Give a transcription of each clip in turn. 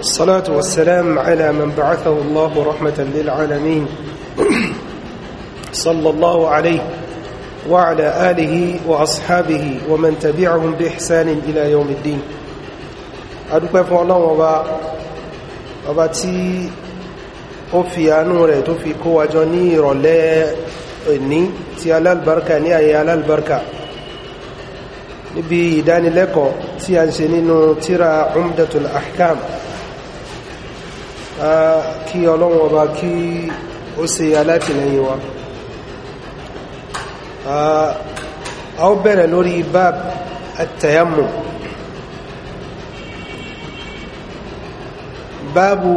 الصلاة والسلام على من بعثه الله رحمة للعالمين صلى الله عليه وعلى آله وأصحابه ومن تبعهم بإحسان إلى يوم الدين أدوك يا فوالله وبا وبا تي أوفي أنوري توفي كوا جوني رولي تي على البركة نيا على البركة نبي داني لكو تي أنشنينو تيرا عمدة الأحكام kí ọlọ́run ọba kí ó se alátìlẹyìn wa a ó bẹ̀rẹ̀ lórí báàbù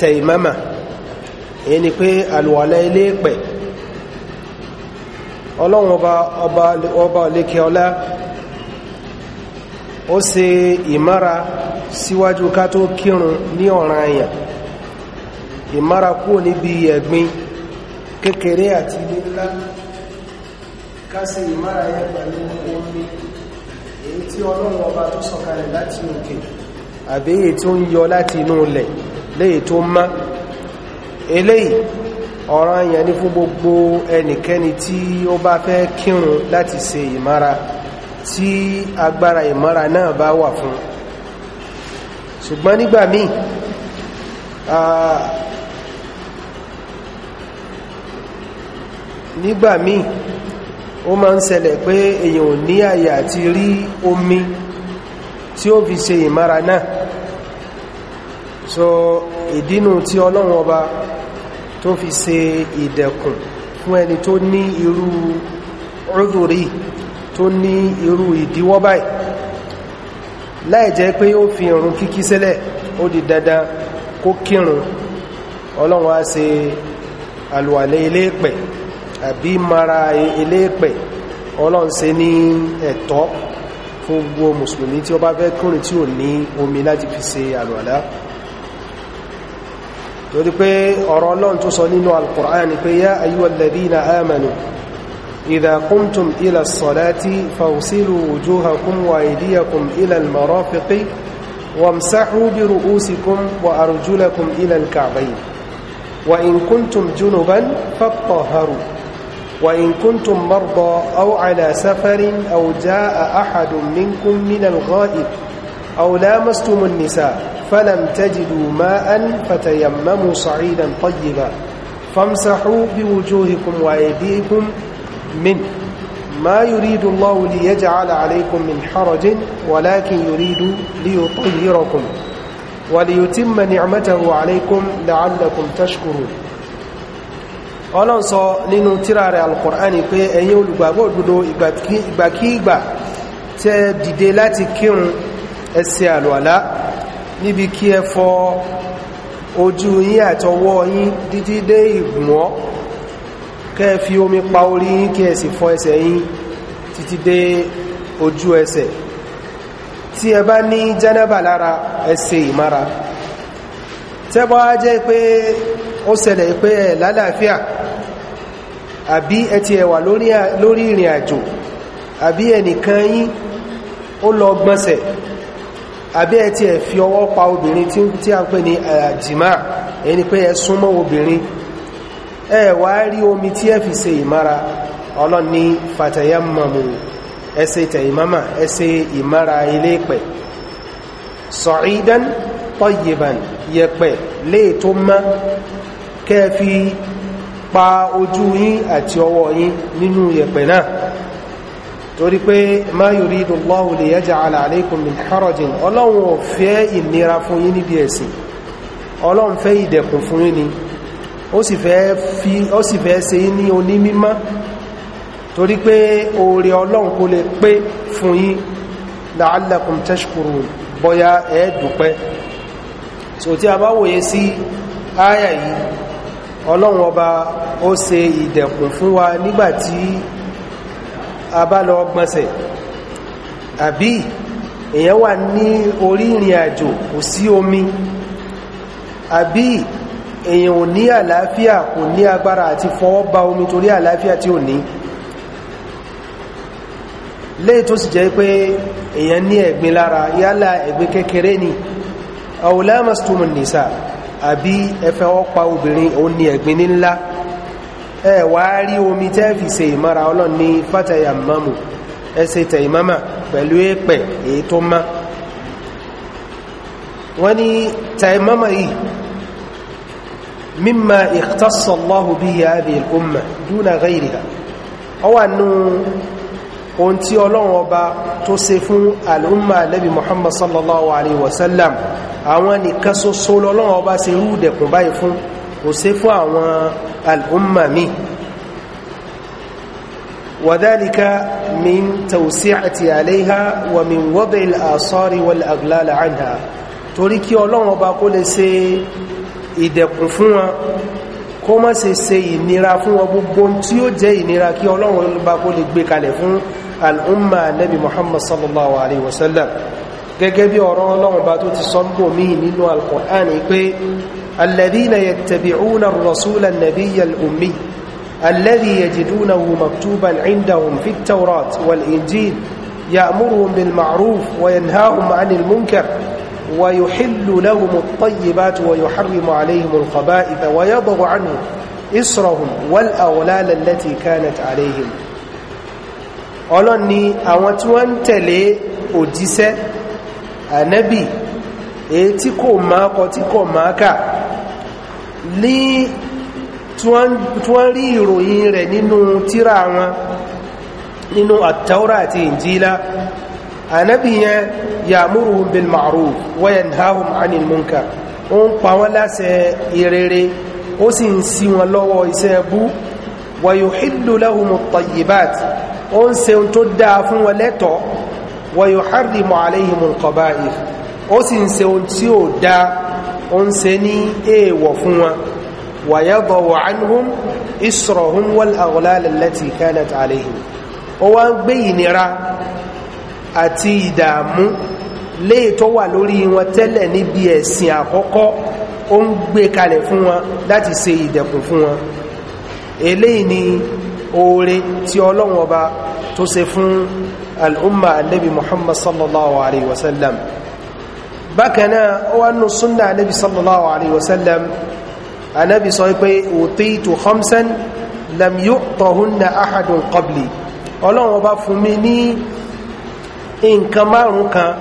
taimama èyí ni pé àlùwàlá ilé pẹ̀ ọlọ́run ọba ọba olékẹ ọlá ó ṣe ìmára síwájú ká tó kírun ní ìmára kúrò níbi ẹ̀gbin kékeré àti ilé ńlá kásì ìmára yẹ pẹ̀lú omi èyí tí ọlọ́run ọba tó sọ̀kalẹ̀ láti òkè àbí èyí tó ń yọ láti inú ilẹ̀ léyìí tó má eléyìí ọ̀ranyàn ni fún gbogbo ẹnikẹ́ni tí ó bá fẹ́ kírun láti ṣe ìmára tí agbára ìmára náà bá wà fún ṣùgbọ́n nígbà míì nígbà míì ó máa ń ṣẹlẹ̀ pé èyàn ò ní àyè àti rí omi tí ó fi ṣe ìmára náà so ìdínú tí ọlọ́run ọba tó fi ṣe ìdẹ̀kùn fún ẹni tó ní irú udhuri tó ní irú ìdíwọ́ báyìí láì jẹ́ pé ó fi ìrun kíkí sílẹ̀ ó di dandan kó kírun ọlọ́run á ṣe àlùwàlẹ̀ ilé pẹ̀ àbí mara eléèpẹ̀ ọlọ́run ṣe ní ẹ̀tọ́ fún gbogbo mùsùlùmí tí ó bá fẹ́ kírun tí ò ní omi láti fi ṣe àlùwàlá torí pé ọ̀rọ̀ ọlọ́run tó sọ nínú al ni pé yá ayyuhalladhina amanu إذا قمتم إلى الصلاة فاغسلوا وجوهكم وأيديكم إلى المرافق وامسحوا برؤوسكم وأرجلكم إلى الكعبين وإن كنتم جنبا فاطهروا وإن كنتم مرضى أو على سفر أو جاء أحد منكم من الغائب أو لامستم النساء فلم تجدوا ماء فتيمموا صعيدا طيبا فامسحوا بوجوهكم وأيديكم منه ما يريد الله ليجعل عليكم من حرج ولكن يريد ليطهركم وليتم نعمته عليكم لعلكم تشكرون ọlọ́run sọ nínú tírà rẹ̀ alkùnránì pé ẹ̀yin olùgbàgbọ́ òdodo ìgbàkígbà tẹ́ dìde láti kírun ẹ ṣe àlùwàlá níbi kí ẹ fọ ojú yín àtọwọ́ yín títí dé ìgbùnwọ́ kẹ́ fi omi pa orí yín kí ẹ sì fọ ẹsẹ̀ yín títí dé ojú ẹsẹ̀ tí ẹ bá ní jẹ́nẹ́bà lára ẹ ìmára tẹ́bọ́ á jẹ́ pé ó ṣẹlẹ̀ pé ẹ̀ lálàáfíà àbí ẹ ti ẹ wà lórí ìrìn àjò àbí ẹnìkan yín ó lọ gbọ́nsẹ̀ àbí ẹ ti ẹ fi ọwọ́ pa obìnrin tí a ń pè ní àjìmá ẹni pé ẹ súnmọ́ obìnrin ẹ wá rí omi tí ẹ fi ṣe ìmára ọlọ́n ní fatayamamu ẹ ṣe tẹ̀yìmámà ẹ ìmára ilé pẹ̀ kẹ́ fi pa ojú yín àti ọwọ́ yín nínú yẹ̀pẹ̀ náà torí pé ma yuridu Allahu li yaj'ala alaykum min harajin ọlọ́run ò fẹ́ ìnira fún yín níbi ẹ̀sìn ọlọ́run fẹ́ ìdẹ̀kùn fún yín ni ó sì fẹ́ ṣe yín ní onímímọ́ torí pé oore ọlọ́run kó lè pé fún yín la'allakum tashkurun bọ́yá ẹ̀ẹ́dùpẹ́ ọlọ́run ọba ó se ìdẹ̀kùn fún wa nígbàtí a bá lọ gbọ́nsẹ̀ àbí èyàn wà ní orí ìrìn àjò kò sí omi àbí èyàn ò ní àlàáfíà kò ní agbára àti fọwọ́ ba omi torí àlàáfíà tí ò ní léè tó sì jẹ́ pé èyàn ní ẹ̀gbin lára yálà ẹ̀gbin kékeré ni àwòlá mastumun nìsáà àbí ẹfẹ́ ọpa obìnrin òun ni ẹ̀gbin ní ńlá ẹ wá rí omi tẹ́ fi ṣe ìmọ́ra ọlọ́run ní fátayà mọ́mù ẹsẹ̀ tẹ̀ ìmọ́mà pẹ̀lú èpẹ̀ èyí tó má wọ́n ní tẹ̀ ìmọ́mà yìí mímọ̀ ikhtasallahu bihi hadhihi ohun tí ọlọ́run ọba tó ṣe fún al'umma nabi muhammad sallallahu alaihi wasallam àwọn nìkan ṣoṣo lọ́lọ́run ọba ṣe rú dẹ̀kùn báyìí fún kò ṣe fún àwọn al'umma mi وذلك من توسعة عليها ومن وضع الآثار والأغلال عنها torí kí ọlọ́run ọba kó lè ṣe ìdẹ̀kùn fún wọn kó má ṣe ṣe ìnira fún wọn gbogbo tí ó jẹ́ ìnira kí ọlọ́run ọba kó lè gbé kalẹ̀ fún al'umma nabi muhammad sallallahu alaihi wasallam gẹ́gẹ́ bí ọ̀rọ̀ ọlọ́run bá tó ti sọ́nbò míì nínú alkùnrin pé alladhina yattabi'una ar-rasula an-nabiyya al-ummi الذي يجدونه مكتوبا عندهم في التوراة والإنجيل يأمرهم بالمعروف وينهاهم عن المنكر ويحل لهم الطيبات ويحرم عليهم الخبائث ويضع عنهم إصرهم والأغلال التي كانت عليهم ọlọ́run ni àwọn tí wọ́n ń tẹ̀lé òjíṣẹ́ ànábì èyí tí kò máa kọ tí kò máa kà ní tí wọ́n rí ìròyìn rẹ̀ nínú tírà wọn nínú àtàúrà àti ìnjílá ànábì yẹn ya'muruhum bil ma'ruf wa yanhahum 'anil munkar ó ń pa wọ́n láṣẹ ìrere ó sì ń ṣí wọn lọ́wọ́ iṣẹ́ bú wa yuhillu lahumu at ó ń ṣe ohun tó dáa fún wọn lẹ́tọ̀ọ́ wa yuharrimu alayhimul qaba'ith ó sì ń ṣe ohun tí ò dáa ó ń ṣe ní èèwọ̀ fún wọn wa yada'u anhum israhum wal wà lórí wọn tẹ́lẹ̀ láti ṣe ìdẹ̀kùn fún wọn eléyìí ni oore tí ọlọ́run ọba tó ṣe fún al'umma annabi muhammad sallallahu alaihi wasallam bákanáà ó wá nù súnnà annabi sallallahu alaihi wasallam annabi sọ pé utitu khamsan lam yu'tahunna ahadun qabli ọlọ́run ọba fún mi ní nǹkan márùn kan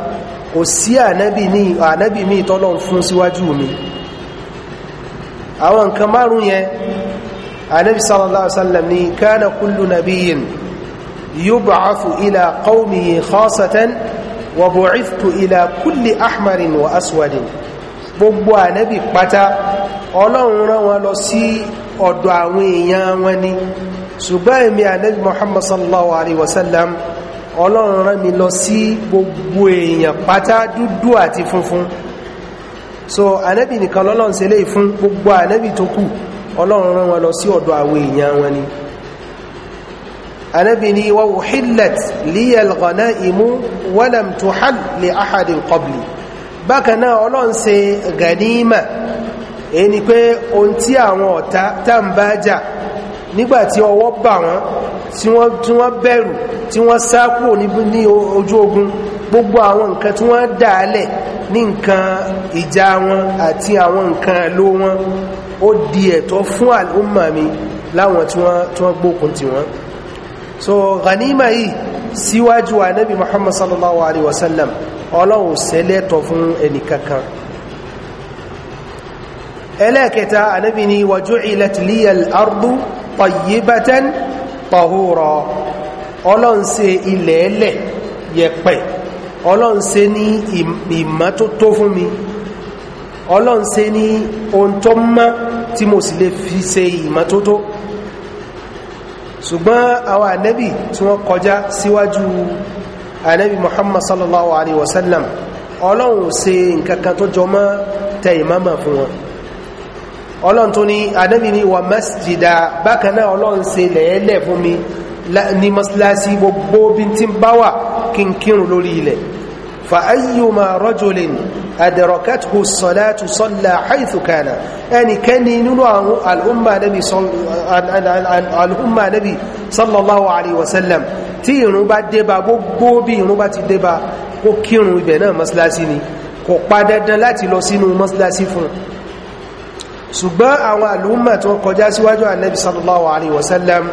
kò sí ànábì ní ànábì mi tọ́lọ́run fún síwájú mi àwọn nǹkan márùn yẹn anabi sallallahu alaihi wasallam ni kana kullu nabiyyin yub'athu ila qaumihi khasatan wa bu'ithtu ila kulli ahmarin wa aswadin gbogbo ànábì pátá ọlọ́run rán wọn lọ sí ọ̀dọ̀ àwọn èèyàn wọn ni ṣùgbọ́n èmi ànábì muhammad sallallahu alaihi wasallam ọlọ́run rán mi lọ sí gbogbo èèyàn pátá dúdú àti funfun so ànábì nìkan lọ́lọ́run ṣe léyìí fún gbogbo ànábì tó kù ọlọ́run rán wọn lọ sí ọ̀dọ̀ àwọn èèyàn wọn ni anábi ni wa uhillat liyal ghanaimu walam tuhal li ahadin qabli bákan náà ọlọ́run ṣe ganima èyí ni pé ohun tí àwọn ọ̀tá tá bá jà nígbàtí ọwọ́ bà wọ́n tí wọ́n bẹ̀rù tí wọ́n sá kúrò ní ojú ogun gbogbo àwọn nǹkan tí wọ́n dàálẹ̀ ní nǹkan ìjà wọn àti àwọn nǹkan ló wọn ó di ẹ̀tọ́ fún àlùmọ̀ mi láwọn tí wọ́n gbókun ti wọ́n so ghanima yìí síwájú ànábì muhammad sallallahu alaihi wasallam ọlọ́run sẹ́lẹ̀tọ̀ fún ẹnìkankan ẹlẹ́ẹ̀kẹta ànábì ni waju'ilat liyal ardu tayyibatan tahura ọlọ́run ṣe ilẹ̀ ẹlẹ̀ yẹ̀pẹ̀ ọlọ́run ṣe ní ìmọ́tótó fún mi ọlọ́run ṣe ní ohun tó mọ́ tí mo sì lè fi ṣe ìmọ́tótó ṣùgbọ́n àwọn ànábì tí wọ́n kọjá síwájú ànábì muhammad sallallahu alaihi wasallam ọlọ́run ṣe nkankan tó jọ mọ́ tẹ ìmọ́mọ̀ fún wọn ọlọ́run tó ní ànábì ní wà masjida bákan náà ọlọ́run ṣe lẹ̀ẹ́lẹ̀ fún mi ní mọ́síláṣí gbogbo bí tí ń bá wà kí lórí ilẹ̀ فأيما رجل أدركته الصلاة صلى حيث كان يعني كان ينوى الأمة نبي صلى الأمة نبي صلى الله عليه وسلم تي ينوبا ديبا بوبي ينوبا تديبا وكيرو بنا مسلاسيني kò pa dandan láti lọ sínú mọ́sílásí fún ṣùgbọ́n àwọn àlúmà tó kọjá síwájú ànábì sallallahu alaihi wasallam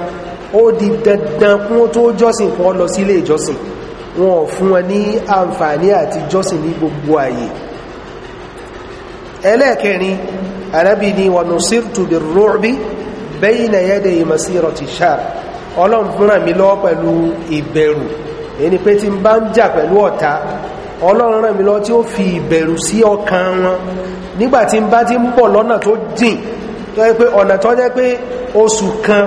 ó di dandan kún tó jọ́sìn kún lọ sílé ìjọsìn wọn ò fún wọn ní àǹfààní àti jọ́sìn ní gbogbo ààyè ẹlẹ́ẹ̀kẹrin anábì ni wa nusirtu birru'bi bayna yaday masirati shahr ọlọ́run fúnra mi lọ́wọ́ pẹ̀lú ìbẹ̀rù ẹni pé bá ń jà pẹ̀lú ọ̀tá ọlọ́run ràn fi ìbẹ̀rù sí ọkàn wọn nígbàtí bá ti ń bọ̀ lọ́nà tó dìn tó yẹ pé kan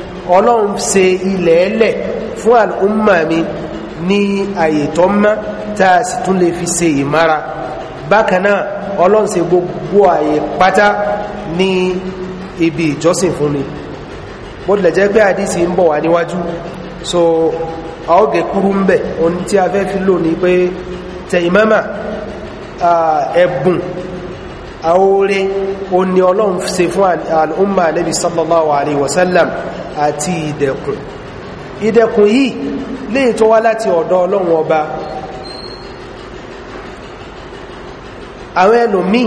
ọlọ́run ṣe ilẹ̀ ẹlẹ̀ fún àlùmọ̀ mi ní àyè tó mọ́ tá a sì tún lè fi ṣe ìmára bákan náà ọlọ́run ṣe gbogbo àyè pátá ní ibi ìjọsìn fún mi bó tilẹ̀ jẹ́ pé àdìsí ń bọ̀ wá níwájú so a ó gẹ kúrú ń bẹ̀ ohun tí a fẹ́ fi lò ní pé tẹ ìmọ́mà ẹ̀bùn àóore o ọlọ́run ṣe fún àlùmọ̀ ànábì sallallahu alaihi wasallam àti ìdẹ̀kùn ìdẹ̀kùn yìí lè tó wá láti ọ̀dọ̀ ọlọ́run ọba àwọn ẹlòmíì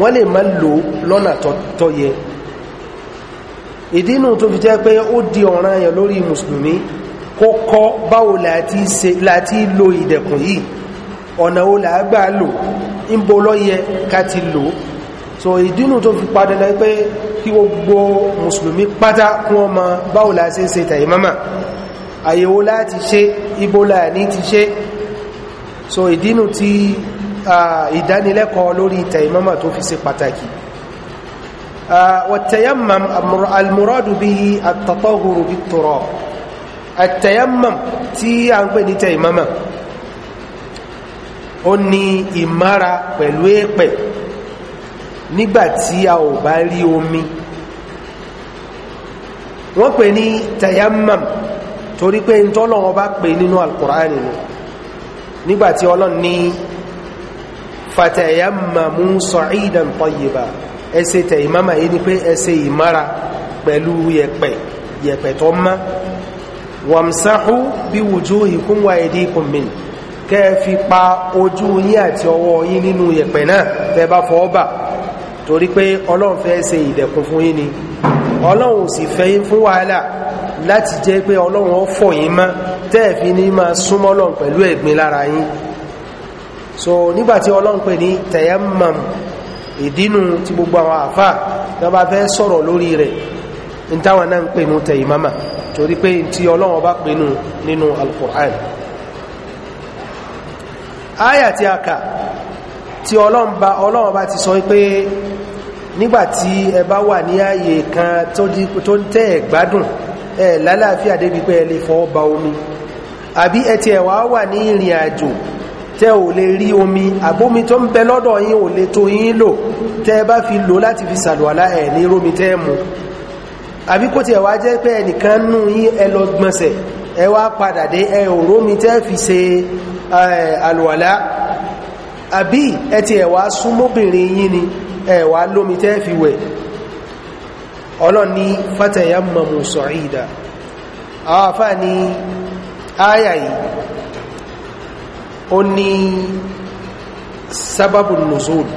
wọ́n lè má lò lọ́nà tó yẹ ìdínú tó fi jẹ́ pé ó di ọ̀ràn yẹn lórí mùsùlùmí kó kọ́ báwo láti lo ìdẹ̀kùn yìí ọ̀nà wo làá lò ń bo lọ́yẹ ká ti lò ó so ìdínú tó fi padà lẹ pé kí gbogbo mùsùlùmí pátá kún ọmọ báwo la ṣe ń ṣe tàìmọ́mà àyẹ̀wò láti ṣe ibo la ní ti ṣe so ìdínú tí ìdánilẹ́kọ̀ọ́ lórí tàìmọ́mà tó fi ṣe pàtàkì والتيمم المراد به التطهر بالتراب التيمم tí a ń pè ní taimama ó ní pẹ̀lú èpẹ̀ nígbàtí a ò bá rí omi wọ́n pè ní tayammam torí pé ń tọ́lọ́wọ́ bá pè nínú alkùnrán nínú nígbàtí ọlọ́n ní fatayammamu sa'idan tayyiba ẹsẹ tayammama yìí ni pé ẹsẹ ìmára pẹ̀lú yẹ̀pẹ̀ yẹ̀pẹ̀ tó mọ́ wàmsáhú bí wujuhikum wa aydikum min kẹ́ fi pa ojú yín àti ọwọ́ yín nínú yẹ̀pẹ̀ náà tẹ́ bá fọ́ bà torí pé ọlọ́run fẹ́ ṣe ìdẹ̀kùn fún yín ni ọlọ́run ò sì fẹ́ yín fún wàhálà láti jẹ́ pé ọlọ́run ó fọ̀ yín tẹ́ẹ̀fí ní máa súnmọ́ ọlọ́run pẹ̀lú ẹ̀gbin lára yín so nígbàtí ọlọ́run pè ní tayammam ìdínú tí gbogbo àwọn àfà tó bá fẹ́ sọ̀rọ̀ lórí rẹ̀ ní táwọn náà ń pè ní tayammama torí pé tí ọlọ́run bá pè nù nínú al-Qur'an áyà tí a kà tí ọlọ́run bá ti sọ pé nígbàtí ẹ bá wà ní ààyè kan tó ń tẹ́ ẹ̀ gbádùn lálàáfíà débi pé ẹ lè fọ́ ba omi àbí ẹ ti ẹ̀wà wà ní ìrìn àjò tẹ́ ò lè rí omi àbómi tó ń bẹ lọ́dọ̀ yín ò lè tó yín lò tẹ́ ẹ bá fi lò láti fi sàlùwàlá ẹ̀ ní rómi tẹ́ mu àbí kó ti ẹ̀wà jẹ́ pé ẹnìkan nù yín ẹ lọ gbọ̀nsẹ̀ ẹ wá padà dé ẹ ò rómi tẹ́ fi ṣe àlùwàlá àbí ẹ ti ẹ̀wà súnmọ́bìnrin yín ni ẹ̀wà lómi tẹ́ fi wẹ̀ ọlọ́ni fatayammamu sa'ida àwọn àfá ní áyà yìí ó ní sábàbù nùzúl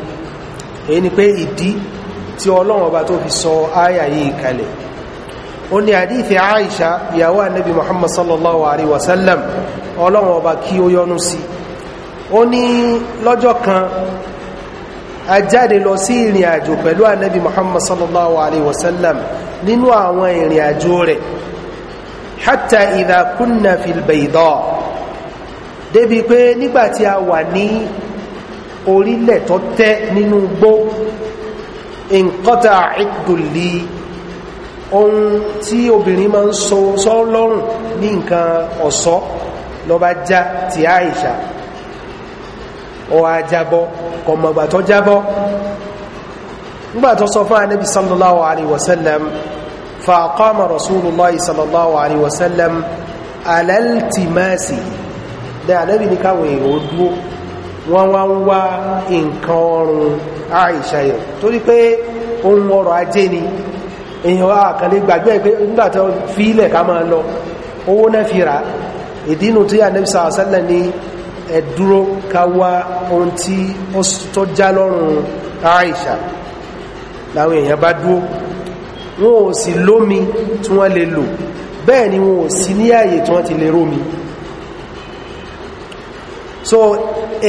èyí ni pé ìdí tí ọlọ́run ọba tó fi sọ áyà yìí kalẹ̀ ó ní àdífì àìṣà ìyàwó ànábì muhammad sallallahu alaihi wasallam ọlọ́run ọba kí ó yọ́nú sí ó ní lọ́jọ́ kan a jáde lọ sí ìrìn àjò pẹ̀lú ànábì muhammad sallallahu alaihi wasallam nínú àwọn ìrìn àjò rẹ̀ hatta idha kunna fil bayda débi pé nígbàtí a wà ní orílẹ̀ tó tẹ́ nínú gbó inqata idduli ohun tí obìnrin máa ń so sọ́lọ́rùn ní nǹkan ọ̀ṣọ́ ló bá já ti Aisha ọwọ́ ajábọ́ kọmọgbà tó jábọ́ nígbà tó sọ fún anábì sallallahu alaihi wasallam fa aqama rasulullahi sallallahu alaihi wasallam alaltimasi dẹ anábì ní káwọn èèyàn dúró wọ́n wá ń wá nǹkan ọrùn Àìṣà yẹn torí pé ohun ọrọ̀ ajé ni èèyàn àkànlé gbàgbé pé nígbà tó ká máa lọ owó náà fi rà ìdínú tí anábì sallallahu alaihi wasallam ni ẹ dúró ká wá ohun tí ó tọ́ já lọ́rùn Aisha láwọn èèyàn bá dúró wọn ò sì lómi tí wọ́n lè lò bẹ́ẹ̀ ni wọn ò sí ní ààyè tí wọ́n ti lè rómi so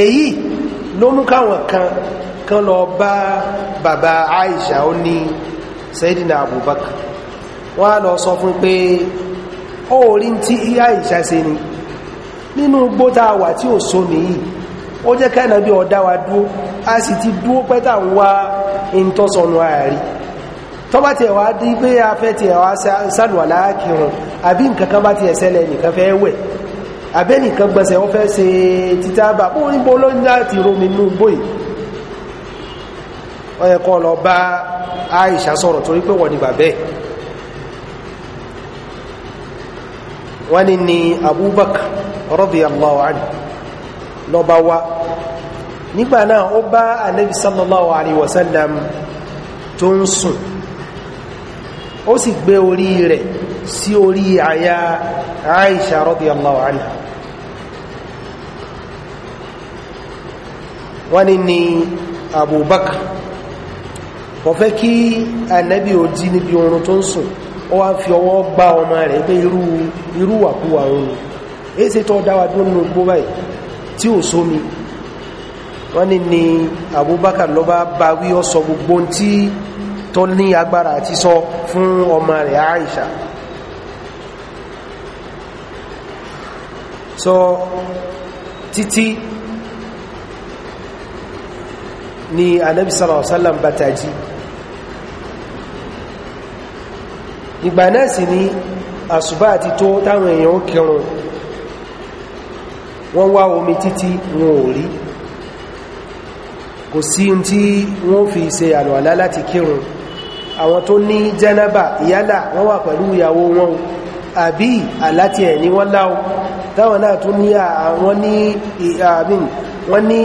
èyí ló mú káwọn kan kan lọ bá bàbá Aisha ó ní Sayyidina Abubakar wọ́n á lọ sọ fún pé ó rí tí Aisha ṣe ni nínú gbóta wà tí ò so nìyí ó jẹ́ ká nàbí ọ̀dá wa dúó a sì ti dúó pẹ́tà ń wá ìntọ́sọ̀nù ààrí tọ́ bá tiẹ̀ wá dí pé a fẹ́ tiẹ̀ wá sálùwà láàkìrùn àbí nǹkankan bá tiẹ̀ ṣẹlẹ̀ nìkan fẹ́ wẹ̀ àbẹ́nìkan gbẹ̀sẹ̀ wọ́n fẹ́ ṣe títàbà bó níbo ló ń láti romi inú bóyìí ó yẹ kó lọ bá Àìṣà sọ̀rọ̀ torí pé wọ́n ni bàbẹ́ wọ́n ni ni abubakar radiyallahu anhu ló bá wá nígbà náà ó bá anabi sallallahu alayhi wa sallam tó ń sùn ó sì gbé orí rẹ̀ sí orí àyà aisha radiyallahu anha wọ́n ni abubakar wọ́n fẹ́ kí anabi ò jí níbi oorun tó ń sùn ó wá fi ọwọ́ gbá ọmọ rẹ̀ pé irú irú wàkúwà òun èsì tó dáwà tó nù gbó báyìí tí ò sómi wọ́n ní ni Abubakar lọ́ba bá wí ọ sọ gbogbo tí tó ní agbára àti sọ fún ọmọ rẹ̀ Aisha sọ títí ni anabi sallallahu alaihi wasallam bàtàjì ìgbà náà sì ni àsùbá àti tó táwọn èèyàn ó kírun wọ́n wá omi títí wọn ò rí kò sí tí wọ́n fi ṣe àlùwàlá láti kírun àwọn tó ní jẹ́nàbà ìyálà wọ́n wà pẹ̀lú ìyàwó wọn àbí àláti ẹ̀ ní wọ́n láwọ́ táwọn náà tún ní àwọn ní àmìn wọ́n ní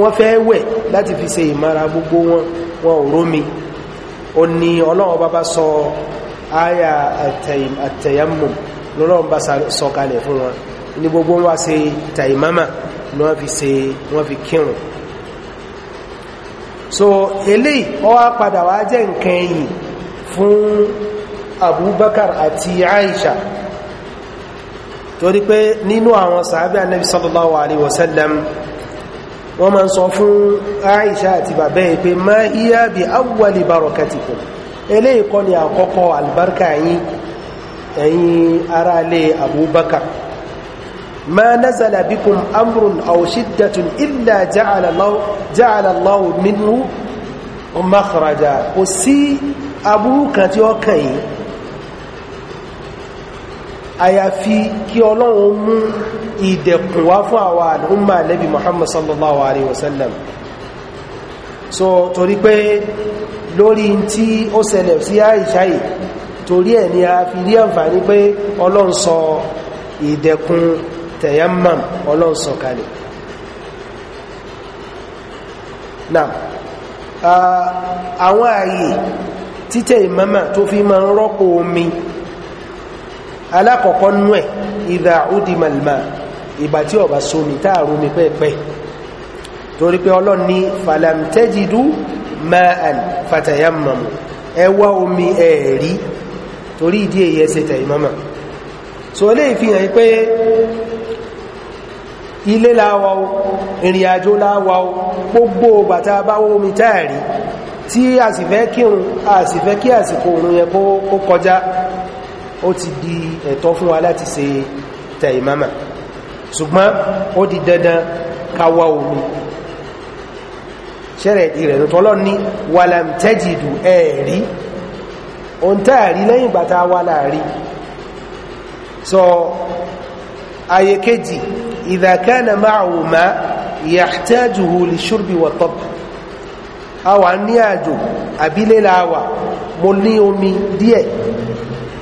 wọ́n fẹ́ wẹ̀ láti fi ṣe ìmára gbogbo wọn wọn ò rómi Oni, ní ọlọ́run bá bá sọ àyà àtẹ̀yàmùm lọ́lọ́run bá sọ kalẹ̀ fún wọn ní gbogbo wá ṣe tàìmámà ni wọ́n fi ṣe wọ́n fi kírun so eléyìí ó wá padà wá jẹ́ nǹkan ẹ̀yìn fún abubakar àti aisha torí pé nínú àwọn sàábẹ́ anabi sallallahu alaihi wasallam wọ́n máa ń sọ fún Aisha àti bàbá ẹ̀ pé má iya bí awwali barakatikum eléyìí kọ́ ni àkọ́kọ́ albarka yín ẹ̀yin aráalé Abubakar ma nazala bikum amrun aw shiddatun illa ja'ala Allahu ja'ala Allahu minhu makhraja kò sí aburú kan tí ó kàn yìí àyàfi kí ọlọ́run mú ìdẹ̀kùn wá fún àwa àdúgbà lẹ́bí muhammad sallallahu alaihi wasallam so torí pé lórí tí ó ṣẹlẹ̀ sí àìṣáyì torí ẹ̀ ni a fi rí àǹfààní pé ọlọ́run sọ ìdẹ̀kùn tayammam ọlọ́run sọ kalẹ̀ ah, àwọn ààyè títẹ̀ ìmọ́mà tó fi máa rọ́pò omi alákọ̀ọ́kọ́ nú ẹ̀ ìdá udimalma ìgbà tí ọba sómi táàrú mi pẹ́ẹ̀pẹ́ torí pé ọlọ́run ní falamtẹ́jidú ma'an fatayammamu ẹ wá omi ẹ̀ẹ̀rí torí ìdí èyí ẹsẹ̀ tẹ̀yìmọ́mà so ilé ìfihàn pé ilé láwá o ìrìn àjò láwá o gbogbo tí a sì fẹ́ kírun a sì fẹ́ kí àsìkò òun yẹn kó kọjá ó ti di ẹ̀tọ́ fún wa láti ṣe taimama ṣùgbọ́n ó di dandan káwà omi ṣẹ́rẹ̀ ìdí rẹ̀ tọ́lọ́ ní walam tajidu ẹ̀ẹ̀rí ohun táàrí lẹ́yìn ìgbàta wà láàrí sọ ayé kejì idha kana ma'ahu ma yahtajuhu lishurbi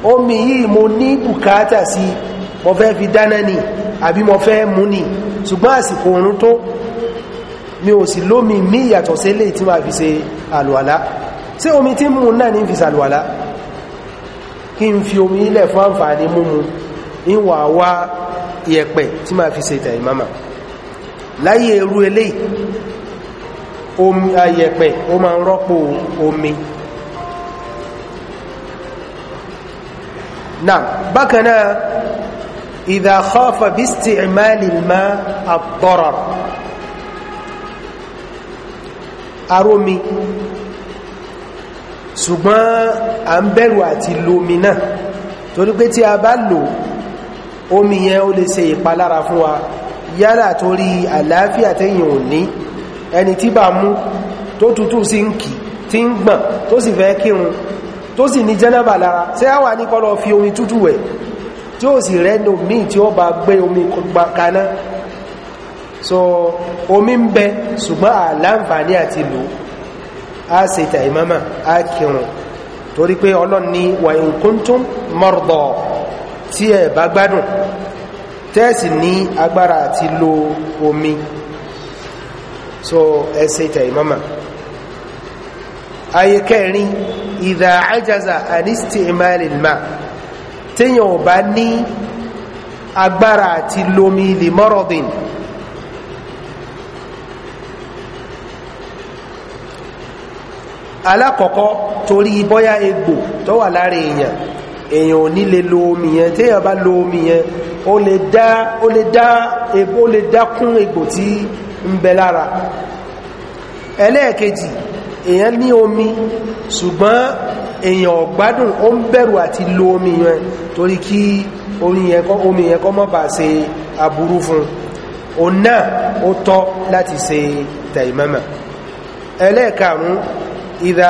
omi yìí mo ní bùkátà sí mo fẹ́ fi dáná ni àbí mo fẹ́ mú ni ṣùgbọ́n àsìkò oorun tó mi ò sì lómi mí ìyàtọ̀ sí lè tí ma fi ṣe àlùwàlá tí omi tí mú náà ní fi ṣàlùwàlá kí n fi omi ilẹ̀ fún àǹfààní múmu ìwà wá ìyẹ̀pẹ̀ tí ma fi ṣe tẹ̀yìmámà láyé eru eléyìí ìyẹ̀pẹ̀ ó ma ń rọ́pò omi نعم، bákan إذا خاف khafa الماء الضرر. أرومي ma ad-darar arómi ṣùgbọ́n à ń bẹ̀rù àti lómi náà torí pé tí a bá lò omi yẹn ó lè ṣe ìpalára fún wa yálà torí àlàáfíà tẹ́yìn ò ní ẹni tí bá mú tó tútù sí ń kì tí ń gbọ̀n tó sì fẹ́ kírun tó sì ní jẹ́nàbà lára tí a wà ní kọ́lọ̀ fi omi tútù wẹ̀ tí ó sì rẹ́nu míì tí ó bá gbé omi kaná so omi ń bẹ ṣùgbọ́n àláǹfààní àti lò á ṣe tàìmọ́mà á kírun torí pé ọlọ́n ní wà in kuntum marda tí ẹ bá gbádùn tẹ́ẹ̀sì ní agbára àti lo omi so ẹ ṣe tàìmọ́mà ayé kẹrin ìdá ajaza anisti imalilma téèyàn ò bá ní agbára àti lomi limọ́rọ̀dìn alákọ̀ọ́kọ́ torí bọ́yá egbò tó wà lára èèyàn èèyàn ò ní lè lo omi yẹn téèyàn bá lo omi yẹn ó lè dá egbò lè dá kún egbò tí ń bẹ lára ẹlẹ́ẹ̀kejì èyàn ní omi ṣùgbọ́n èyàn ọ̀gbádùn ó ń bẹ̀rù àti lo omi yẹn torí kí omi yẹn kọ́ mọ́ bá ṣe aburú fún o náà ó tọ́ láti ṣe taimama ẹlẹ́ẹ̀karùn ìdá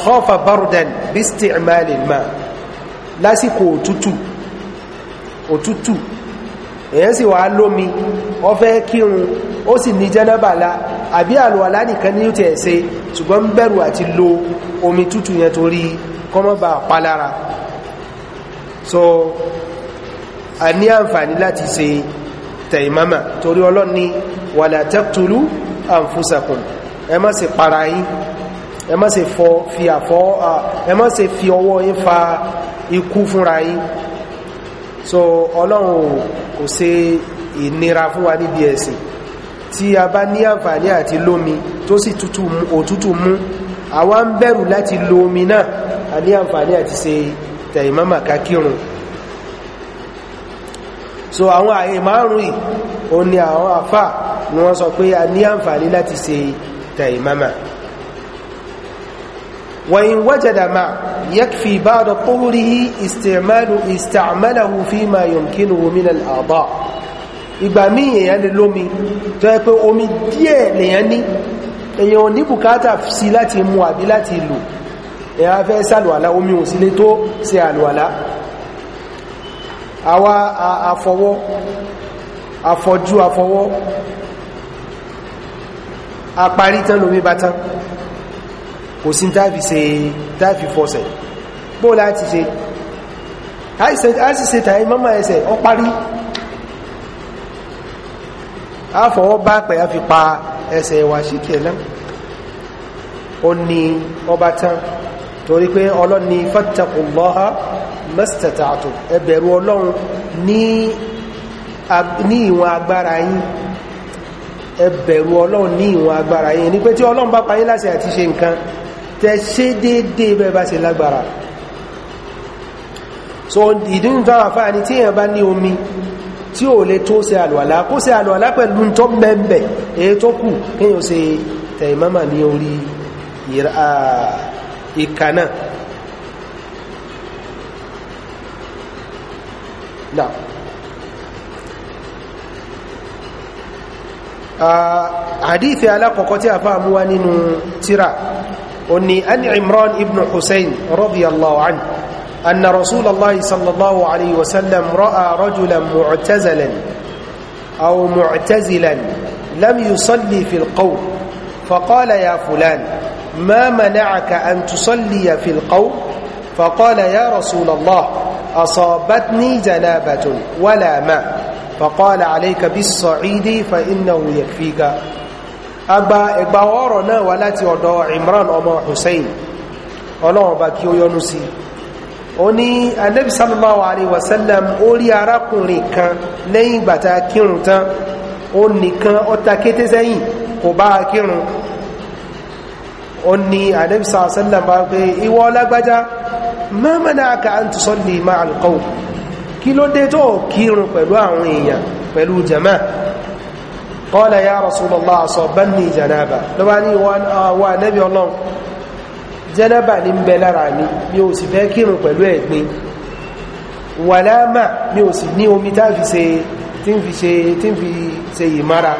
khafa bardan bí isti'mal al lásìkò òtútù òtútù èyàn sì wà lómi ó fẹ́ kírun ó sì ní jẹ́nàbàlá àbí àlùwàlá nìkan ní tẹ̀ ṣe ṣùgbọ́n bẹ̀rù àti lo omi tútù yẹn torí kọ́mọ́bà palára so a ní àǹfààní láti ṣe tẹ̀ìmọ́mà torí ọlọ́ni wala taqtulu anfusakum ẹ má se para yín ẹ má ṣe fọ fi àfọ́ ẹ má so ọlọ́run kò ṣe ìnira fún wa níbi ẹ̀sìn tí a bá ní àǹfààní àti lómi tó sì tútù òtútù mú àwa ń bẹ̀rù láti lo omi náà a ní àǹfààní àti ṣe tẹ̀yìmọ́mà kakírun so àwọn àyè márùn ún o ní àwọn àfà ni wọ́n sọ pé a ní àǹfààní láti ṣe tẹ̀yìmọ́mà وإن وجد ما يكفي بعد طهره استعماله فيما يمكنه من الأعضاء ìgbà míì èèyàn lè lómi tó yẹ pé omi díẹ̀ lèèyàn ní èèyàn ní bùkátà sí láti mu àbí láti lò èèyàn fẹ́ sàlùwàlá omi ò sí lè tó ṣe àlùwàlá àwa àfọwọ́ àfọjú àfọwọ́ àparí tán lómi bá tán kò sí táàfi ṣe táàfi fọsẹ̀ bó láti ṣe a sì ṣe ẹsẹ̀ ọ a fọwọ́ bá pẹ̀ a fi pa ẹsẹ̀ wa ṣíkẹ̀ náà ó ní ọba tán torí pé ọlọ́run ní fattaqullaha mastata'tu ẹ bẹ̀rù ọlọ́run ní ní ìwọ̀n agbára yín ẹ bẹ̀rù ọlọ́run ní ìwọ̀n agbára yín ní pé tí ọlọ́run bá pa yín àti ṣe nǹkan tẹ ṣe déédéé bẹ́ẹ̀ bá ṣe lágbára so ìdí nǹkan àfáà ni tí èèyàn bá tí ò lè tó ṣe àlùwàlá kó ṣe àlùwàlá pẹ̀lú tó mẹ́mbẹ̀ èyí tó kù kéèyàn ṣe tẹ̀yìmọ́mà ní orí ìka náà náà حديث على قوتي أفهم وانين ترى أني أن عمران ابن حسين رضي الله عنه أن رسول الله صلى الله عليه وسلم رأى رجلا معتزلا أو معتزلا لم يصلي في القوم فقال يا فلان ما منعك أن تصلي في القوم فقال يا رسول الله أصابتني جنابة ولا ما؟ فقال عليك بالصعيد فإنه يكفيك أبا إبا ولا ولاتي عمران أما حسين ọlọ́run ọba kí ó ó ní anabi sallallahu alayhi wa sallam ó rí arákùnrin kan lẹ́yìn ìgbà tá a kírun tán ó nìkan ó ta kété sẹ́yìn kò bá a kírun ó ní anabi sallallahu alayhi wa sallam bá pé ìwọ lágbájá ma mana'aka an tusalli ma'al qawm kí ló dé tó kírun pẹ̀lú àwọn èèyàn pẹ̀lú jama qala ya rasulallah asabanni janaba ló bá ní wa nabi ọlọ́run jẹ́nàbà ní bẹ lára mi mi ò sì fẹ́ kírun pẹ̀lú ẹ̀gbin wàlámà mi ò sì ní omi tá fi ṣe tí fi ṣe tí fi ṣe ìmára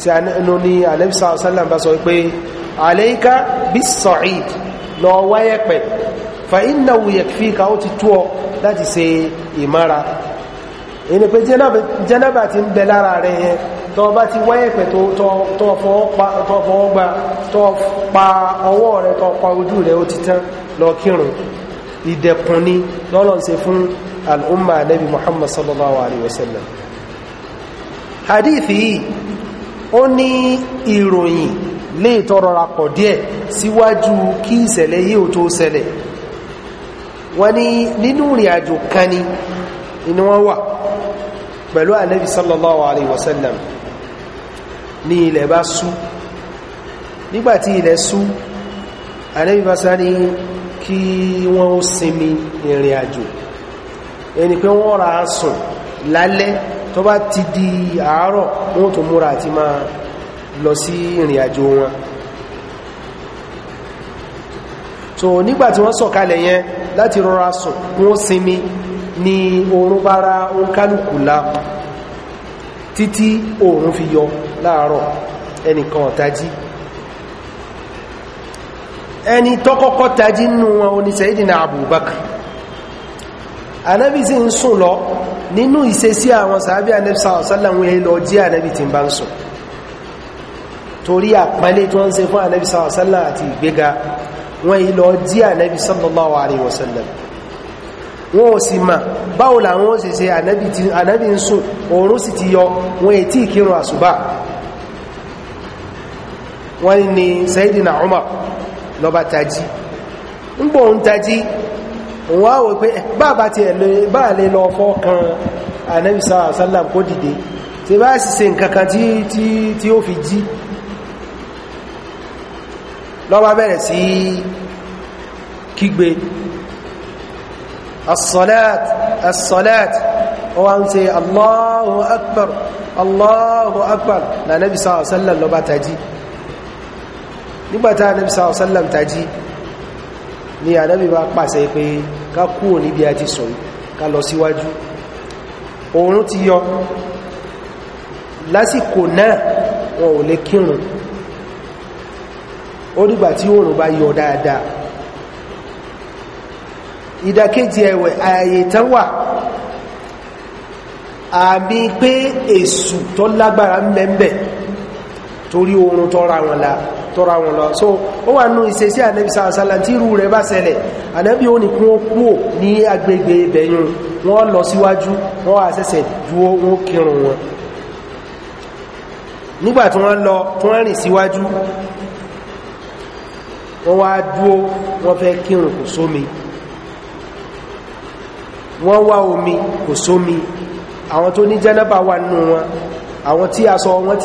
tí a nínú ní alẹ́bísà ọ̀sánlá bá sọ pé àlẹ́íká bí sọ̀íd lọ wáyẹ̀ pẹ̀ fa iná wuyẹ̀ fi ká ó ti tó ọ láti ṣe ìmára ẹni pé jẹ́nàbà ti ń bẹ lára rẹ̀ yẹn tó bá ti wáyé pẹ̀ tó fọwọ́ gba tó pa ọwọ́ rẹ̀ tó pa ojú rẹ̀ ó ti tán lọ kírun ìdẹ̀kùn ni lọ́lọ́n ṣe fún al'umma nabi muhammad sallallahu alaihi wasallam hadithi yìí ó ní ìròyìn lè tọrọ rapọ̀ díẹ̀ síwájú kí ìṣẹ̀lẹ̀ yìí ò tó ṣẹlẹ̀ wọ́n ní nínú ìrìn àjò kan ni inú wọn wà pẹ̀lú ànábì sallallahu alaihi wasallam ní ilẹ̀ bá sú nígbàtí ilẹ̀ sú anẹ́bíbásá ní kí wọ́n ó sinmi ìrìn àjò ẹni pé wọ́n ra sùn lálẹ́ tó bá ti di àárọ̀ wọ́n tó múra àti máa lọ sí ìrìn àjò wọn so nígbàtí wọ́n sọ̀kalẹ̀ yẹn láti rọra sùn wọ́n sinmi ní oorun bára oúnkálùkù la títí oorun fi yọ láàárọ̀ ẹnìkan ọ̀tají ẹni tọ́kọ́kọ́ tají nínú wọn oní Sayyidina Abubakar anábì sì ń sùn lọ nínú ìṣesí àwọn sàábí anẹ́bìsà ọ̀sálàmù ẹ lọ jí anábì tí ń bá ń sùn torí àpẹẹlẹ tí wọ́n ń ṣe fún anẹ́bìsà ọ̀sálàmù àti ìgbéga wọ́n yí lọ jí ànẹ́bí sallallahu alaihi ò sì mà báwo làwọn ó sì ṣe ànẹ́bí ń sùn oòrùn sì ti yọ wọ́n ètí ìkírun àsùbá wọ́n ni Sayyidina Umar lọ́ba tají ń bò ń tají wọ́n wọ́n pé báàbá eh, ti ẹ̀lẹ́ báàlẹ́ lọ fọ́kan Ànábì sallallahu alaihi wasallam kó dìde tí bá sì ṣe nkankan tí ó fi jí lọ́ba bẹ̀rẹ̀ sí kígbe as-salat as-salat ó Allahu akbar Allahu akbar na Ànábì sallallahu alaihi wasallam lọ́ba tají nígbàtá anábi sáà tají ni anábi pàṣẹ pé ká kúrò níbi àti sùn ká lọ síwájú oòrùn ti yọ lásìkò náà wọn ò lè kírun ó dìgbà tí oòrùn bá yọ dáadáa ìdàkejì ẹ̀wẹ̀ ààyè tán wà àmì pé èsù tó lágbára ń torí oòrùn tó wọn la tọ́ra wọn lọ so ó wà nù ìṣesí ànẹ́bí sàásàlá tí irú rẹ̀ bá ṣẹlẹ̀ ànẹ́bí ó ní kún ó kú ò ní agbègbè ibẹ̀yìn wọ́n lọ síwájú wọ́n wà sẹ́sẹ̀ dúó wọ́n kírun wọn nígbà tí wọ́n lọ tí wọ́n rìn síwájú wọ́n wá dúó wọ́n fẹ́ kírun kò sómi wọ́n wá omi kò sómi àwọn tó ní jẹ́nẹ́bà wà nù wọn àwọn tí a sọ wọ́n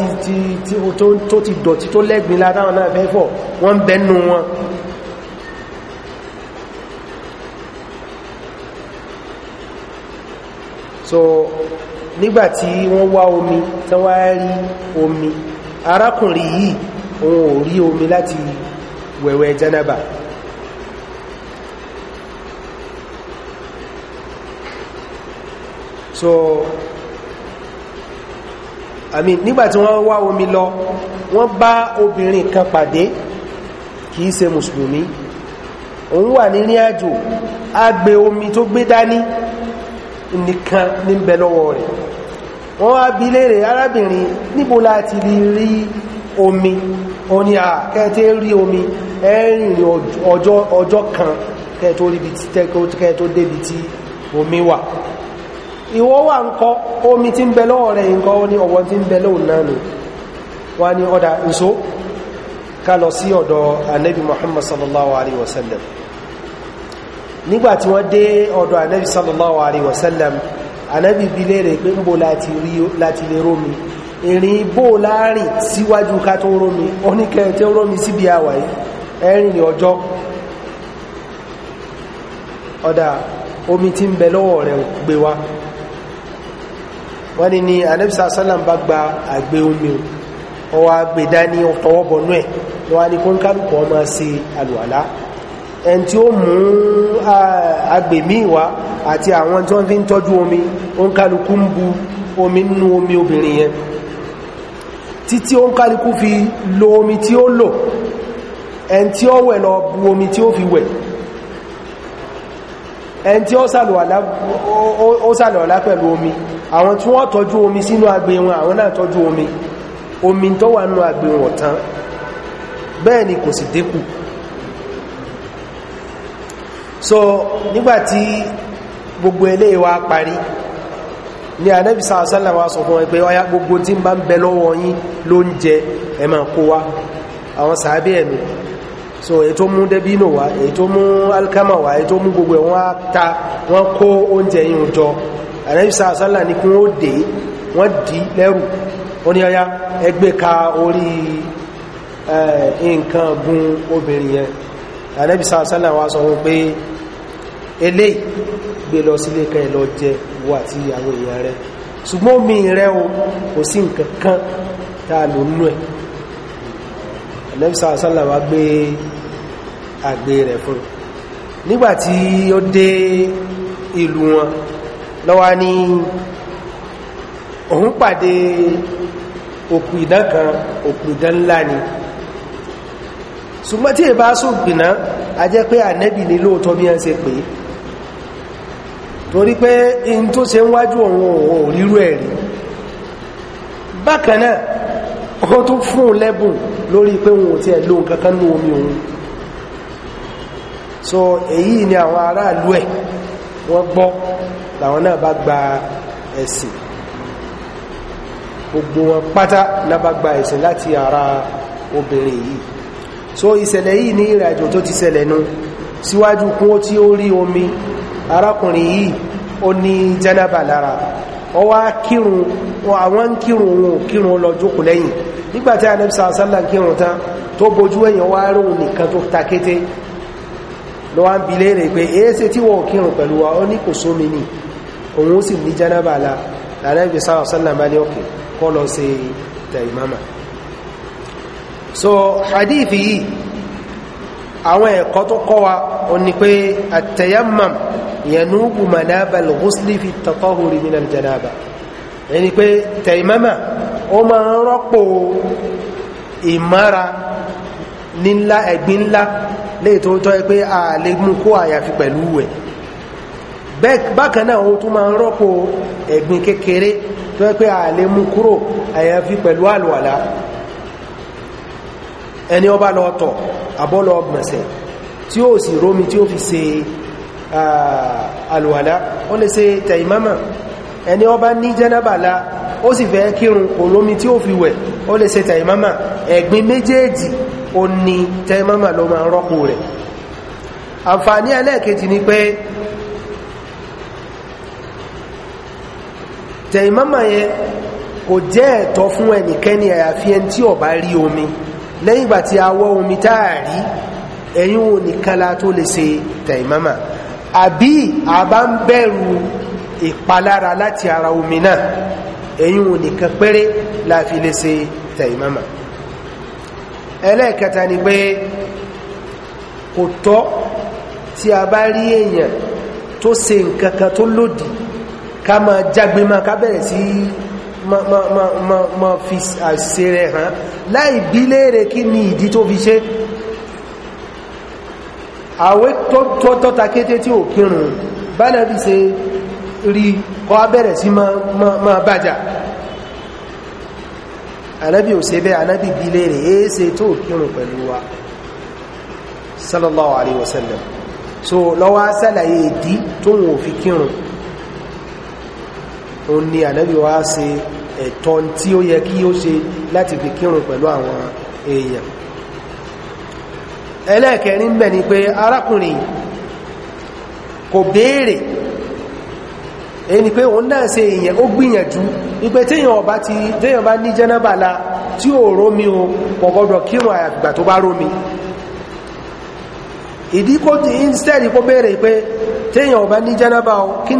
tó ti dọ̀tí tó lẹ́gbìn ládáwọn náà fẹ́ fọ́ wọ́n ń bẹ́nu wọn so nígbàtí wọ́n wá omi tán wá rí omi arákùnrin yìí òun ò rí omi láti wẹ̀wẹ̀ janaba so àmì nígbàtí wọ́n wá omi lọ wọ́n bá obìnrin kan pàdé kìí ṣe mùsùlùmí òun wà ní rí àjò agbè omi tó gbé dání nìkan ní bẹ lọ́wọ́ rẹ̀ wọ́n wá bi léèrè arábìnrin níbo láti rí omi ó ní à kẹ́ẹ̀tẹ́ rí omi ẹ̀rìn ọjọ́ kan kẹ́ẹ̀tọ́ débi tí omi wà ìwọ wà ń kọ omi tí ń bẹ lọ́wọ́ rẹ̀ nǹkan ó ní ọwọ́ tí ń bẹ lóhùn náà nù wá ní ọ̀dà òṣó ká lọ sí ọ̀dọ̀ anabi muhammad sallallahu alayhi wa sallam nígbà tí wọ́n dé ọ̀dọ̀ anabi sallallahu alayhi wa sallam anabi bi léèrè pé ń bo láti lè rómi ìrìn bó láàrin síwájú ká tó rómi oníkẹ́ tó rómi síbi àwàyé ẹ̀rìn ọ̀dà omi tí ń bẹ lọ́wọ́ rẹ̀ gbé wa wọ́n ni ni anabisa sallam bá gba àgbé omi o ọwọ́ àgbè dání ọ̀tọ̀wọ́ bọ̀nú ẹ̀ lọ́wọ́ ni kó ń kálùkọ́ ọmọ sí alùwàlá ẹn tí ó mú àgbè míì wá àti àwọn tí wọ́n fi ń tọ́jú omi ó ń kálùkù ń bu omi nínú omi obìnrin yẹn títí ó ń kálùkù fi lo omi tí ó lò ẹn tí ó wẹ̀ lọ bu omi tí ó fi wẹ̀ ẹn tí ó sàlọ̀lá pẹ̀lú omi àwọn tí wọ́n tọ́jú omi sínú agbè wọn àwọn náà tọ́jú omi omi tó wà nínú agbè wọn tán bẹ́ẹ̀ ni kò sì dínkù so nígbàtí gbogbo eléyìí wá parí ní Ànábì sàásánlá wa sọ fún ẹgbẹ́ ọya gbogbo tí ń bá ń bẹ lọ́wọ́ yín ló ń kó wá àwọn sàábẹ́ ẹ̀mí so èyí tó mú débínò wá èyí tó mú alkama wá èyí tó mú gbogbo ẹ̀ wọ́n ta wọ́n kó oúnjẹ yìí jọ àrẹ́bísà sálà ní kí wọ́n dé wọ́n dì lẹ́rù ó ní ọya ẹgbẹ́ ka orí nǹkan gun obìnrin yẹn àrẹ́bísà sálà wá sọ wọn pé eléyìí gbé lọ sílé kan ẹ̀ lọ jẹ wo àti àwọn èèyàn rẹ̀ ṣùgbọ́n omi rẹ̀ o kò sí nǹkan kan tá a lò nínú ẹ̀ àrẹ́bísà sálà wá gbé àgbè rẹ̀ fún nígbàtí ó dé ìlú wọn lọ́wọ́ ní òun pàdé òkú ìdán kan òkú ìdán ńlá ni ṣùgbọ́n tí è bá sùn gbìnà a jẹ́ pé ànẹ́bì ní lóòótọ́ bí wọ́n ṣe pé torí pé in tó ṣe ń wájú òun òun ríru ẹ̀rí bákan náà ó tún fún lẹ́bùn lórí pé òun ò tiẹ̀ kankan nú omi òun so èyí ni àwọn aráàlú ẹ̀ wọ́n gbọ́ làwọn náà bá gba ẹ̀sìn gbogbo wọn pátá náà bá gba ẹ̀sìn láti ara obìnrin yìí so ìṣẹ̀lẹ̀ yìí ní ìrìnàjò tó ti ṣẹlẹ̀ nu síwájú kún ó tí ó rí omi arákùnrin yìí ó ní jẹ́nàbà lára ó wá kírun àwọn kírun òun kírun lọ jókòó lẹ́yìn nígbàtí anẹ́bísà sálà kírun tán tó bojú ẹ̀yàn wá rí òun nìkan tó takété ló wá ń bi léèrè pé èése tí wọ́n kírun pẹ̀lú wa ó ní kò sómi ní òun ó sì ní jánábà la sáwọ̀ sálàmbá ní òkè kọ́ lọ sí tẹ̀ so hadithi yìí àwọn ẹ̀kọ́ tó kọ́ wa ó ní pé àtẹ̀yàmàm yanubu manaba al-ghusli fi at-tatahhuri min al-janaba ẹni pé léè tó tọ́ pé a lè mú kó àyàfi pẹ̀lú ẹ̀ bákan náà ohun tó máa ń rọ́pò ẹ̀gbin kékeré tó yẹ pé a lè mú kúrò àyàfi pẹ̀lú àlùwàlá ẹni ó bá lọ tọ̀ àbọ́ lọ gbọ̀nsẹ̀ tí ó sì rómi tí ó fi ṣe àlùwàlá ó lè ṣe tẹ̀ìmámà ẹni ó ní jẹ́nàbàlá ó sì fẹ́ kírun kò lómi tí ó fi wẹ̀ ó lè ṣe tẹ̀ìmámà ẹ̀gbin méjèèjì ó ní tẹ́mọ́mà ló máa rọ́pò rẹ̀ àǹfààní ẹlẹ́ẹ̀kejì ni pé tẹ̀mọ́mà yẹn kò jẹ́ ẹ̀tọ́ fún ẹnikẹ́ni àyàfi ẹni tí ó bá rí omi lẹ́yìn ìgbà tí a wọ́ omi táàrí ẹ̀yìn wo nìkan tó lè ṣe tẹ̀mọ́mà àbí a bá ń bẹ̀rù ìpalára láti ara omi náà ẹ̀yìn wo nìkan péré la lè ṣe tẹ̀mọ́mà ẹlẹ́ẹ̀kẹta ni pé kò tọ́ tí a bá rí èèyàn tó ṣe nǹkan tó lòdì ká máa jágbe máa ká bẹ̀rẹ̀ sí ma ma ma ma ma fi àṣìṣe rẹ̀ hàn láì bí léèrè kí ni ìdí tó fi ṣe àwẹ́ tó tọ́ta kété tí ò kírun bá náà fi ṣe rí kọ́ abẹ́rẹ̀ sí ma ma bàjá anábì ò ṣe bẹ́ẹ̀ anábì bí léèrè èé ṣe tó kírun pẹ̀lú wa sallallahu alayhi wa sallam so lọ́wọ́ sálàyé ìdí tó wọn ò fi kírun ó ní anábì wá ṣe ẹ̀tọ́ tí ó yẹ kí ó ṣe láti fi kírun pẹ̀lú àwọn èèyàn ẹlẹ́ẹ̀kẹ́rin bẹ̀ ni pé arákùnrin kò béèrè èyí ni pé òun náà ṣe èèyàn ó gbìyànjú wípé téèyàn ọba ti téèyàn bá ní jẹ́nàbà la tí ò rómi o kò gbọdọ̀ kírun àgbà tó bá rómi ìdí kó instead kó béèrè pé téèyàn ọba ní jẹ́nàbà o kí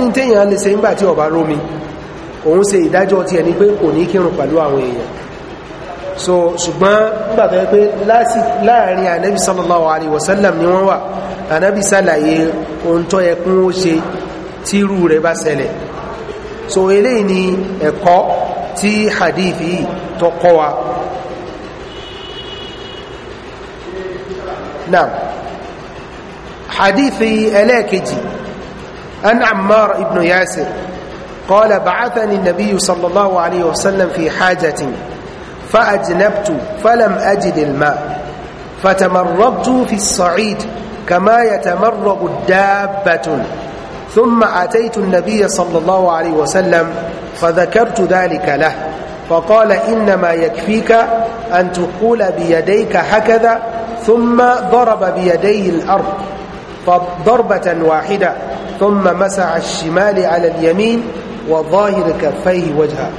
so ṣùgbọ́n nígbà tó yẹ pé láàrin ànábì sallallahu alaihi wasallam ni wọ́n wà ànábì sàlàyé ohun tó yẹ ó ṣe tí irú rẹ̀ bá ṣẹlẹ̀ so eléyìí ni ẹ̀kọ́ tí hadithi tó wa náà hadithi ẹlẹ́ẹ̀kejì an ibn yasir قال بعثني النبي صلى الله عليه وسلم في حاجة فأجنبت فلم أجد الماء فتمرغت في الصعيد كما يتمرغ الدابة ثم أتيت النبي صلى الله عليه وسلم فذكرت ذلك له فقال إنما يكفيك أن تقول بيديك هكذا ثم ضرب بيديه الأرض فضربة واحدة ثم مسع الشمال على اليمين وظاهر كفيه وجهه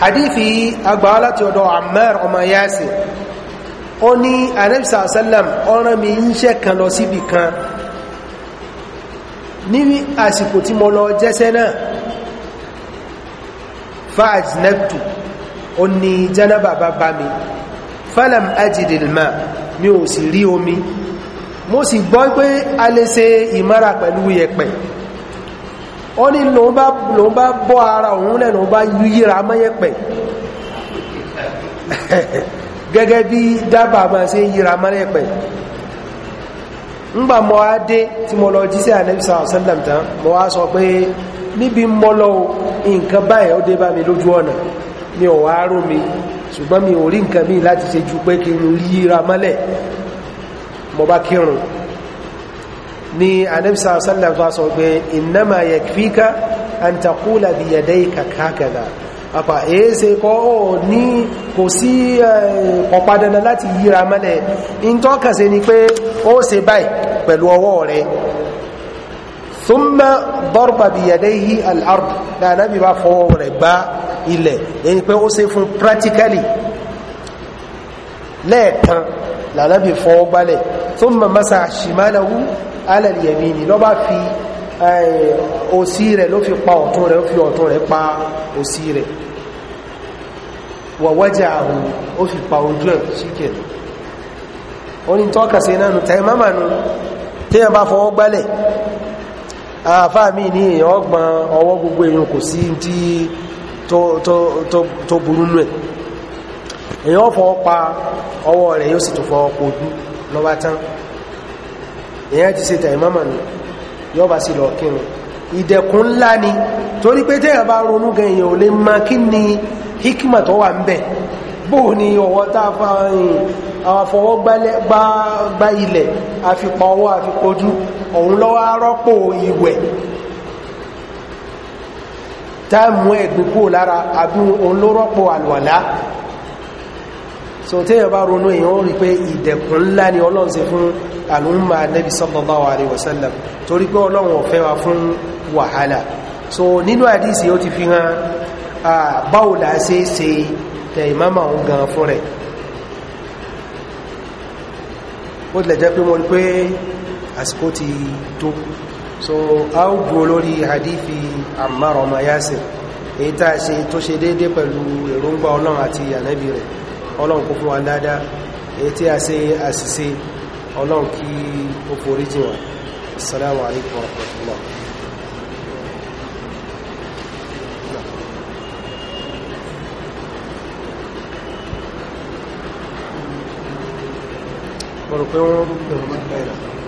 حديثي أقبالت يدو عمار وما ياسر ó ní anẹ́bìsà sálàm ọ̀ràn mi ń ṣẹ́ kan lọ síbì kan ní àsìkò tí mo lọ jẹ́sẹ́ náà fáàj nẹ́pùtù ó ní jẹ́nàbà bá bá mi fálàm ajìdìlmà mi ò sì rí omi mo sì gbọ́ pé a lè ṣe ìmára pẹ̀lú yẹ̀pẹ̀ ó ní lòun bá bọ́ ara òun lẹ́nu bá yíra mọ́yẹ̀pẹ̀ gẹ́gẹ́ bí dábàá máa ṣe yíra mọ́lẹ́pẹ̀ ńgbà mọ́ á dé tí mo lọ jíṣẹ́ ànẹ́bísà ọ̀sẹ́lẹ̀m tán mo wá sọ pé níbi mọ́ lọ nǹkan báyìí ó dé bá mi lójú ọ̀nà mi ò wá rú mi ṣùgbọ́n mi ò rí nǹkan míì láti ṣe ju pé kí n yíra mọ́lẹ̀ mo bá kírun ni ànẹ́bísà ọ̀sẹ́lẹ̀m tó sọ pé innama yakfika an taqula biyadayka hakadha àpà èése eh, kọ́ ò ní kò sí ọ̀padànà láti yíra mọ́lẹ̀ in tó kàse ni pé ó ṣe báyìí pẹ̀lú ọwọ́ rẹ̀ thumma darba biyadayhi al-ard dáadáa bí bá fọwọ́ rẹ̀ gbá ilẹ̀ èyí pé ó ṣe fún practically lẹ́ẹ̀kan lànàbì fọwọ́ gbálẹ̀ thumma masa shimalahu ala al-yamini ló bá fi òsì rẹ̀ ló fi pa ọ̀tún rẹ̀ ó fi ọ̀tún rẹ̀ pa òsì wọ̀wọ́jà àhùn ó fi pa ojú ẹ̀ síkẹ̀ oní tọ́ka sí náà tẹ̀mọ́mà nù tí wọ́n bá fọwọ́ gbálẹ̀ àfáà mi ní èèyàn ọgbọ̀n ọwọ́ gbogbo kò sí tí tó burú nù ẹ̀ èèyàn fọwọ́ pa ọwọ́ rẹ̀ yóò sì tó fọwọ́ pojú lọ́wọ́ tán ti nù bá sí lọ kírun ìdẹ̀kùn ni torí pé bá ronú gan ò ni hikima tó wà ń bẹ̀ bó ni ọwọ́ tá a fọwọ́ gbá ilẹ̀ àfipọ̀ ọwọ́ àfipojú òun lọ́wọ́ arọ́pò ìwẹ̀ táàmù ẹ̀gbùn kúrò lára àbí òun ló so téèyàn bá ronú èèyàn rí pé ìdẹ̀kùn ńlá ni fún torí pé ọlọ́run fún wàhálà so nínú àdísì ó ti fi hàn báwo la ṣe ṣe tẹ ìmáàmà òun gan fún rẹ̀ ó tilẹ̀ jẹ́ pé mo rí pé àsìkò ti tó so a ó dúró lórí hadithi Ammar ọmọ Yasir èyí tá a ṣe tó ṣe déédé pẹ̀lú èròǹgbà ọlọ́run àti ànábì rẹ̀ ọlọ́run kó fún wa dáadáa èyí tí a ṣe àṣìṣe ọlọ́run kí ó forí jìn assalamu alaikum wa rahmatullah peor de Román era.